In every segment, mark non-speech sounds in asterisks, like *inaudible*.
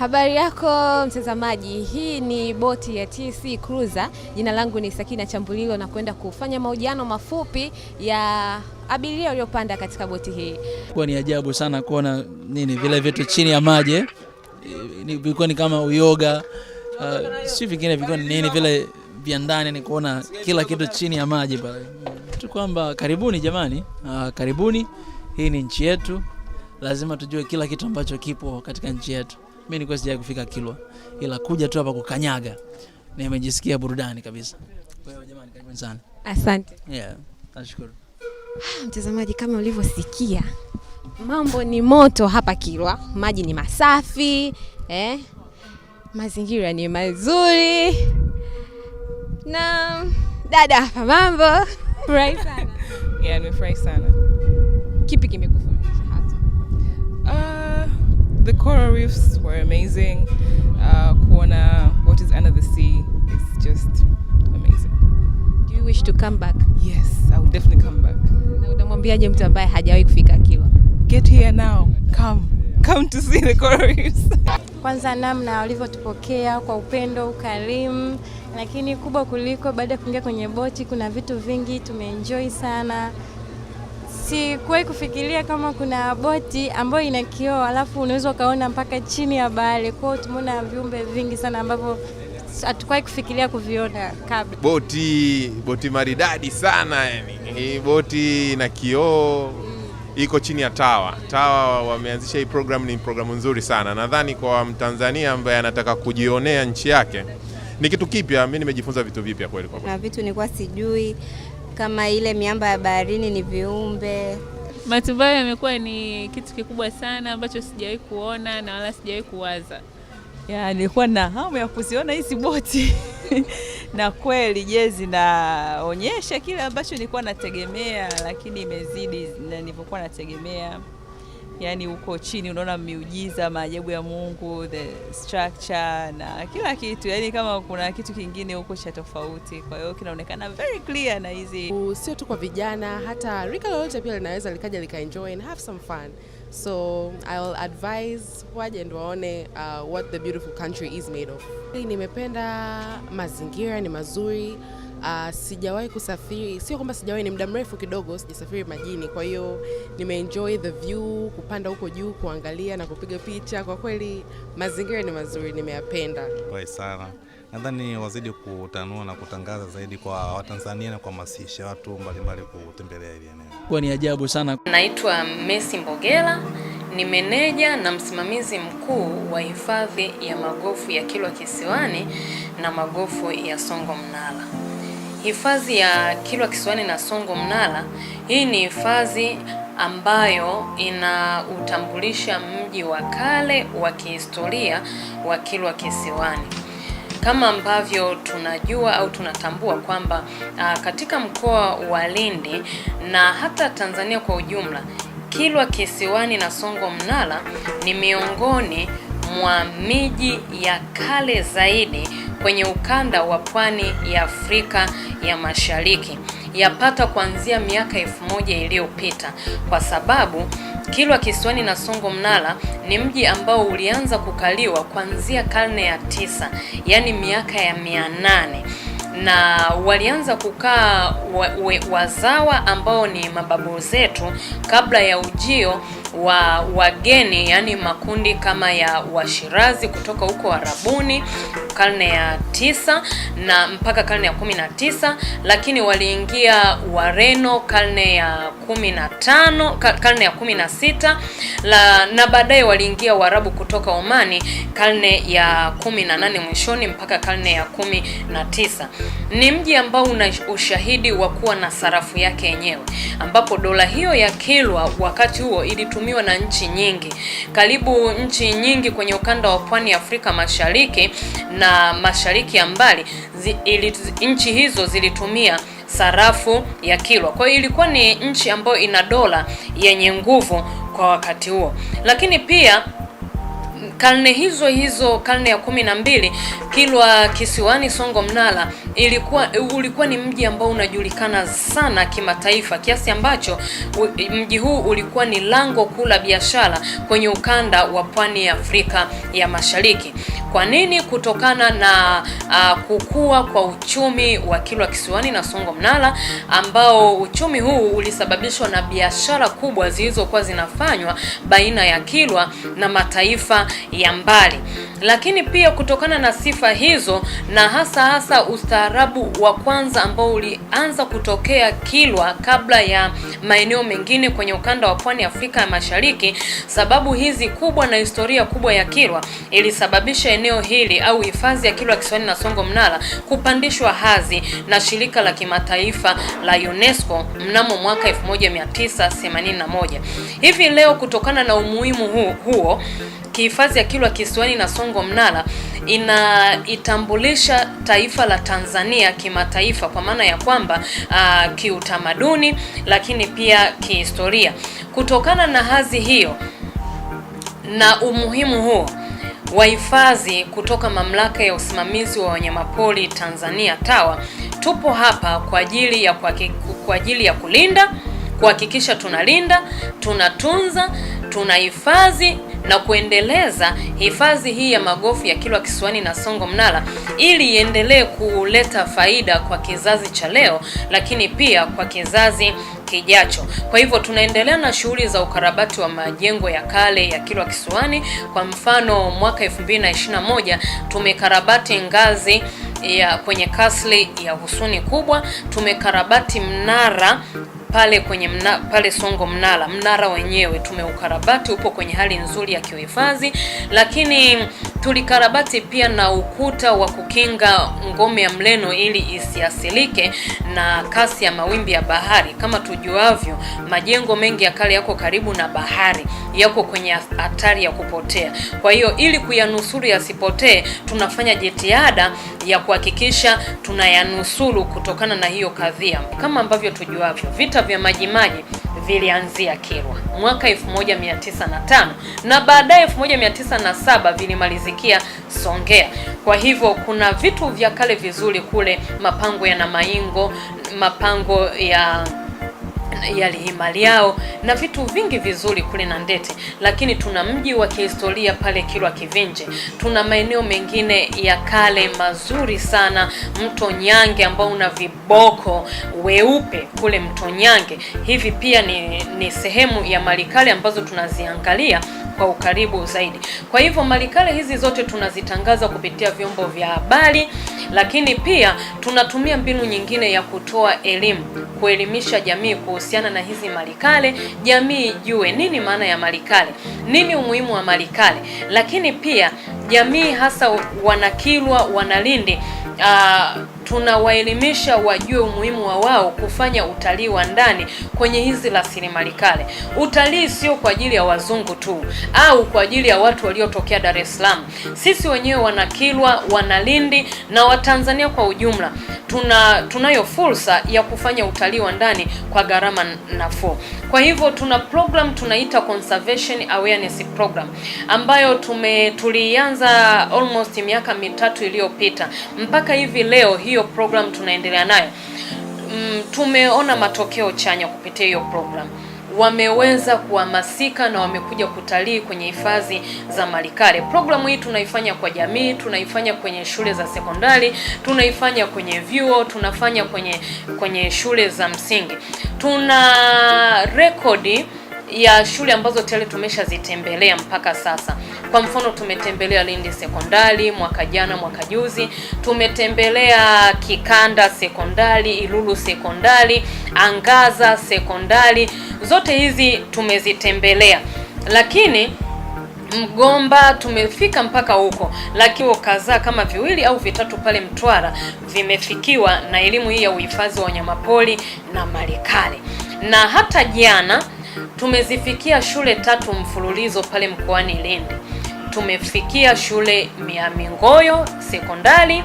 Habari yako mtazamaji, hii ni boti ya TC Cruiser. Jina langu ni Sakina Chambulilo na kwenda kufanya mahojiano mafupi ya abiria waliopanda katika boti hii. Kwa ni ajabu sana kuona nini vile vitu chini ya maji, vilikuwa ni kama uyoga uh, si vingine vilikuwa ni nini vile vya ndani, ni kuona kila kitu chini ya maji pale tu, kwamba karibuni jamani, uh, karibuni. Hii ni nchi yetu, lazima tujue kila kitu ambacho kipo katika nchi yetu mimi nilikuwa sijai kufika Kilwa, ila kuja tu hapa kukanyaga nimejisikia burudani kabisa. Kwa hiyo jamani, karibuni sana. Asante. Yeah, nashukuru. Ah, mtazamaji, kama ulivyosikia, mambo ni moto hapa Kilwa, maji ni masafi eh, mazingira ni mazuri na dada hapa mambo furahi sana. *laughs* Yeah, nimefurahi sana. Kipi kime the coral reefs were amazing. Uh, kuona what is under the sea is just amazing. Do you wish to come back? Yes, I will definitely come back. unamwambiaje mtu ambaye hajawahi kufika Kilwa? Get here now. Come. Come to see the coral reefs. *laughs* Kwanza namna walivyotupokea kwa upendo, ukarimu, lakini kubwa kuliko baada ya kuingia kwenye boti kuna vitu vingi tumeenjoy sana. Sikuwahi kufikiria kama kuna boti ambayo ina kioo alafu unaweza ukaona mpaka chini ya bahari. Kwao tumeona viumbe vingi sana ambavyo hatukuwahi kufikiria kuviona kabla. Boti boti maridadi sana yani, boti na kioo mm. Iko chini ya tawa tawa. Wameanzisha hii program, ni programu nzuri sana nadhani kwa Mtanzania ambaye anataka kujionea nchi yake ni kitu kipya. Mimi nimejifunza vitu vipya kweli, kwa kweli na vitu nilikuwa sijui kama ile miamba ya baharini ni viumbe. Matumbawe yamekuwa ni kitu kikubwa sana ambacho sijawahi kuona na wala sijawahi kuwaza. Ya, nilikuwa na hamu ya kuziona hizi boti *laughs* na kweli je, zinaonyesha kile ambacho nilikuwa nategemea, lakini imezidi na nilivyokuwa nategemea yani uko chini unaona miujiza, maajabu ya Mungu, the structure na kila kitu, yani kama kuna kitu kingine huko cha tofauti. Kwa hiyo kinaonekana very clear na hizi, sio tu kwa vijana, hata rika lolote pia linaweza likaja lika enjoy and have some fun. So I'll advise waje ndo waone uh, what the beautiful country is made of. Nimependa mazingira, ni mazuri Uh, sijawahi kusafiri, sio kwamba sijawahi, ni muda mrefu kidogo sijasafiri majini, kwa hiyo nimeenjoy the view, kupanda huko juu kuangalia na kupiga picha. Kwa kweli mazingira ni mazuri, nimeyapenda. Furahi sana, nadhani wazidi kutanua na kutangaza zaidi kwa Watanzania na kuhamasisha watu mbalimbali kutembelea hili eneo, kwa ni ajabu sana. Naitwa Messi Mbogela ni meneja na msimamizi mkuu wa hifadhi ya magofu ya Kilwa Kisiwani na magofu ya Songo Mnara. Hifadhi ya Kilwa Kisiwani na Songo Mnara, hii ni hifadhi ambayo inautambulisha mji wa kale wa kihistoria wa Kilwa Kisiwani. Kama ambavyo tunajua au tunatambua kwamba uh, katika mkoa wa Lindi na hata Tanzania kwa ujumla, Kilwa Kisiwani na Songo Mnara ni miongoni mwa miji ya kale zaidi kwenye ukanda wa pwani ya Afrika ya Mashariki yapata kuanzia miaka elfu moja iliyopita kwa sababu Kilwa Kisiwani na Songo Mnara ni mji ambao ulianza kukaliwa kuanzia karne ya tisa, yaani miaka ya mia nane na walianza kukaa wazawa ambao ni mababu zetu kabla ya ujio wa wageni, yaani makundi kama ya Washirazi kutoka huko Arabuni karne ya tisa na mpaka karne ya kumi na tisa, lakini waliingia Wareno karne ya kumi na tano karne ya kumi na sita la, na baadaye waliingia Waarabu kutoka Omani karne ya kumi na nane mwishoni mpaka karne ya kumi na tisa. Ni mji ambao una ushahidi wa kuwa na sarafu yake yenyewe ambapo dola hiyo ya Kilwa wakati huo ilitu inatumiwa na nchi nyingi, karibu nchi nyingi kwenye ukanda wa pwani ya Afrika Mashariki na mashariki ya mbali zi, ili, nchi hizo zilitumia sarafu ya kilwa. Kwa hiyo ilikuwa ni nchi ambayo ina dola yenye nguvu kwa wakati huo, lakini pia Karne hizo hizo, karne ya kumi na mbili, Kilwa kisiwani Songo mnala ilikuwa ulikuwa ni mji ambao unajulikana sana kimataifa kiasi ambacho mji huu ulikuwa ni lango kuu la biashara kwenye ukanda wa pwani ya Afrika ya Mashariki. Kwa nini? Kutokana na uh, kukua kwa uchumi wa Kilwa Kisiwani na Songo Mnara, ambao uchumi huu ulisababishwa na biashara kubwa zilizokuwa zinafanywa baina ya Kilwa na mataifa ya mbali. Lakini pia kutokana na sifa hizo na hasa hasa ustaarabu wa kwanza ambao ulianza kutokea Kilwa kabla ya maeneo mengine kwenye ukanda wa pwani Afrika ya Mashariki, sababu hizi kubwa na historia kubwa ya Kilwa ilisababisha eneo hili au hifadhi ya Kilwa Kisiwani na Songo Mnara kupandishwa hadhi na shirika la kimataifa la UNESCO mnamo mwaka 1981. Hivi leo kutokana na umuhimu huo hifadhi ya Kilwa Kisiwani na Songo Mnara inaitambulisha taifa la Tanzania kimataifa kwa maana ya kwamba uh, kiutamaduni lakini pia kihistoria. Kutokana na hadhi hiyo na umuhimu huo wahifadhi kutoka Mamlaka ya Usimamizi wa Wanyamapori Tanzania TAWA tupo hapa kwa ajili ya kwa ajili ya kulinda, kuhakikisha tunalinda, tunatunza, tunahifadhi na kuendeleza hifadhi hii ya magofu ya Kilwa Kisiwani na Songo Mnara ili iendelee kuleta faida kwa kizazi cha leo, lakini pia kwa kizazi kijacho. Kwa hivyo tunaendelea na shughuli za ukarabati wa majengo ya kale ya Kilwa Kisiwani. Kwa mfano, mwaka 2021 tumekarabati ngazi ya kwenye kasli ya Husuni Kubwa, tumekarabati mnara pale kwenye mna, pale Songo Mnara, mnara wenyewe tumeukarabati, upo kwenye hali nzuri ya kiuhifadhi, lakini tulikarabati pia na ukuta wa kukinga ngome ya Mleno ili isiasilike na kasi ya mawimbi ya bahari. Kama tujuavyo, majengo mengi ya kale yako karibu na bahari yako kwenye hatari ya kupotea. Kwa hiyo ili kuyanusuru yasipotee, tunafanya jitihada ya kuhakikisha tunayanusuru kutokana na hiyo kadhia. Kama ambavyo tujuavyo, vita vya Majimaji vilianzia Kilwa mwaka 1905 na baadaye 1907 vilimalizikia Songea. Kwa hivyo kuna vitu vya kale vizuri kule, mapango ya Namaingo, mapango ya ya himali na vitu vingi vizuri kule Nandete, lakini tuna mji wa kihistoria pale Kilwa Kivinje, tuna maeneo mengine ya kale mazuri sana, mto Nyange ambao una viboko weupe kule mto Nyange. Hivi pia ni, ni sehemu ya malikale ambazo tunaziangalia kwa ukaribu zaidi. Kwa hivyo malikale hizi zote tunazitangaza kupitia vyombo vya habari, lakini pia tunatumia mbinu nyingine ya kutoa elimu, kuelimisha jamii kuhusu kuhusiana na hizi malikale, jamii ijue nini maana ya malikale, nini umuhimu wa malikale, lakini pia jamii hasa wanakilwa wanalindi uh, ah, tunawaelimisha wajue umuhimu wa wao kufanya utalii wa ndani kwenye hizi rasilimali kale. Utalii sio kwa ajili ya wazungu tu au kwa ajili ya watu waliotokea Dar es Salaam. Sisi wenyewe Wanakilwa, Wanalindi na Watanzania kwa ujumla tuna tunayo fursa ya kufanya utalii wa ndani kwa gharama nafuu. Kwa hivyo tuna program tunaita Conservation Awareness Program ambayo tume tulianza almost miaka mitatu iliyopita mpaka hivi leo hiyo hiyo program tunaendelea nayo. Mm, tumeona matokeo chanya kupitia hiyo program wameweza kuhamasika na wamekuja kutalii kwenye hifadhi za Malikale. Programu hii tunaifanya kwa jamii, tunaifanya kwenye shule za sekondari, tunaifanya kwenye vyuo, tunafanya kwenye kwenye shule za msingi. Tuna rekodi ya shule ambazo tayari tumeshazitembelea mpaka sasa. Kwa mfano, tumetembelea Lindi Sekondari mwaka jana, mwaka juzi, tumetembelea Kikanda Sekondari, Ilulu Sekondari, Angaza Sekondari, zote hizi tumezitembelea, lakini Mgomba tumefika mpaka huko, lakini kadhaa kama viwili au vitatu pale Mtwara vimefikiwa na elimu hii ya uhifadhi wa wanyamapori na malikale, na hata jana Tumezifikia shule tatu mfululizo pale mkoani Lindi. Tumefikia shule ya Mingoyo sekondari,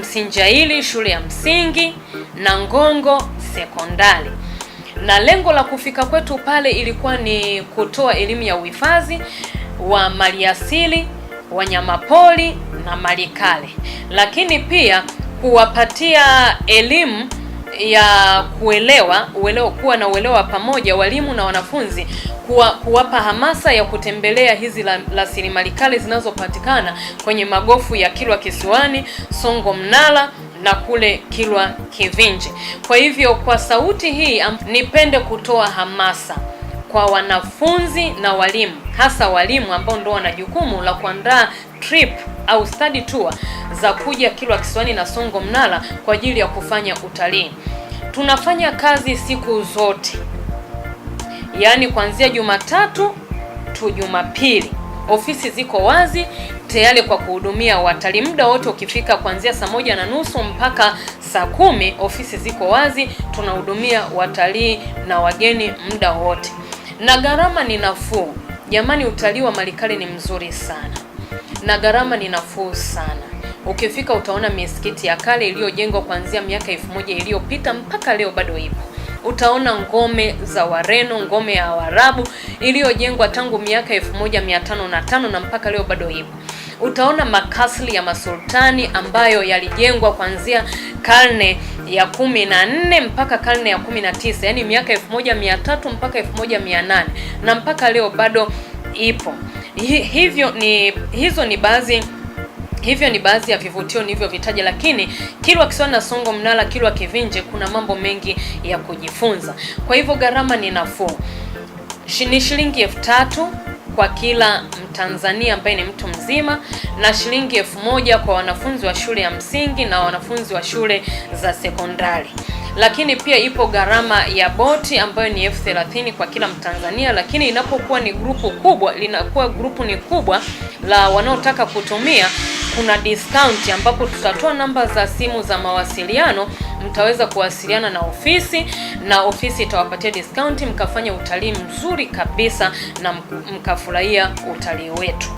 Msinjaili shule ya msingi na Ngongo sekondari na lengo la kufika kwetu pale ilikuwa ni kutoa elimu ya uhifadhi wa maliasili, wanyamapori na malikale, lakini pia kuwapatia elimu ya kuelewa uelewa, kuwa na uelewa pamoja, walimu na wanafunzi kuwa, kuwapa hamasa ya kutembelea hizi rasilimali kale zinazopatikana kwenye magofu ya Kilwa Kisiwani, Songo Mnara na kule Kilwa Kivinje. Kwa hivyo kwa sauti hii nipende kutoa hamasa kwa wanafunzi na walimu, hasa walimu ambao ndio wana jukumu la kuandaa trip au study tour za kuja Kilwa Kisiwani na Songo Mnara kwa ajili ya kufanya utalii tunafanya kazi siku zote, yaani kuanzia Jumatatu tu Jumapili ofisi ziko wazi tayari kwa kuhudumia watalii. Muda wote ukifika kuanzia saa moja na nusu mpaka saa kumi ofisi ziko wazi, tunahudumia watalii na wageni muda wote, na gharama ni nafuu. Jamani, utalii wa Malikale ni mzuri sana na gharama ni nafuu sana. Ukifika utaona misikiti ya kale iliyojengwa kuanzia miaka elfu moja iliyopita mpaka leo bado ipo. Utaona ngome za Wareno, ngome ya Waarabu iliyojengwa tangu miaka elfu moja mia tano na tano na mpaka leo bado ipo. Utaona makasli ya masultani ambayo yalijengwa kuanzia karne ya kumi na nne mpaka karne ya kumi na tisa yaani miaka elfu moja mia tatu mpaka elfu moja mia nane na mpaka leo bado ipo. Hivyo ni hizo ni baadhi Hivyo ni baadhi ya vivutio nilivyovitaja, lakini Kilwa Kisiwani na Songo Mnara, Kilwa Kivinje, kuna mambo mengi ya kujifunza. Kwa hivyo gharama ni nafuu, ni shilingi elfu tatu kwa kila Mtanzania ambaye ni mtu mzima na shilingi elfu moja kwa wanafunzi wa shule ya msingi na wanafunzi wa shule za sekondari lakini pia ipo gharama ya boti ambayo ni elfu thelathini kwa kila Mtanzania, lakini inapokuwa ni grupu kubwa, linakuwa grupu ni kubwa la wanaotaka kutumia kuna discount ambapo tutatoa namba za simu za mawasiliano, mtaweza kuwasiliana na ofisi na ofisi itawapatia discount, mkafanya utalii mzuri kabisa na mkafurahia utalii wetu.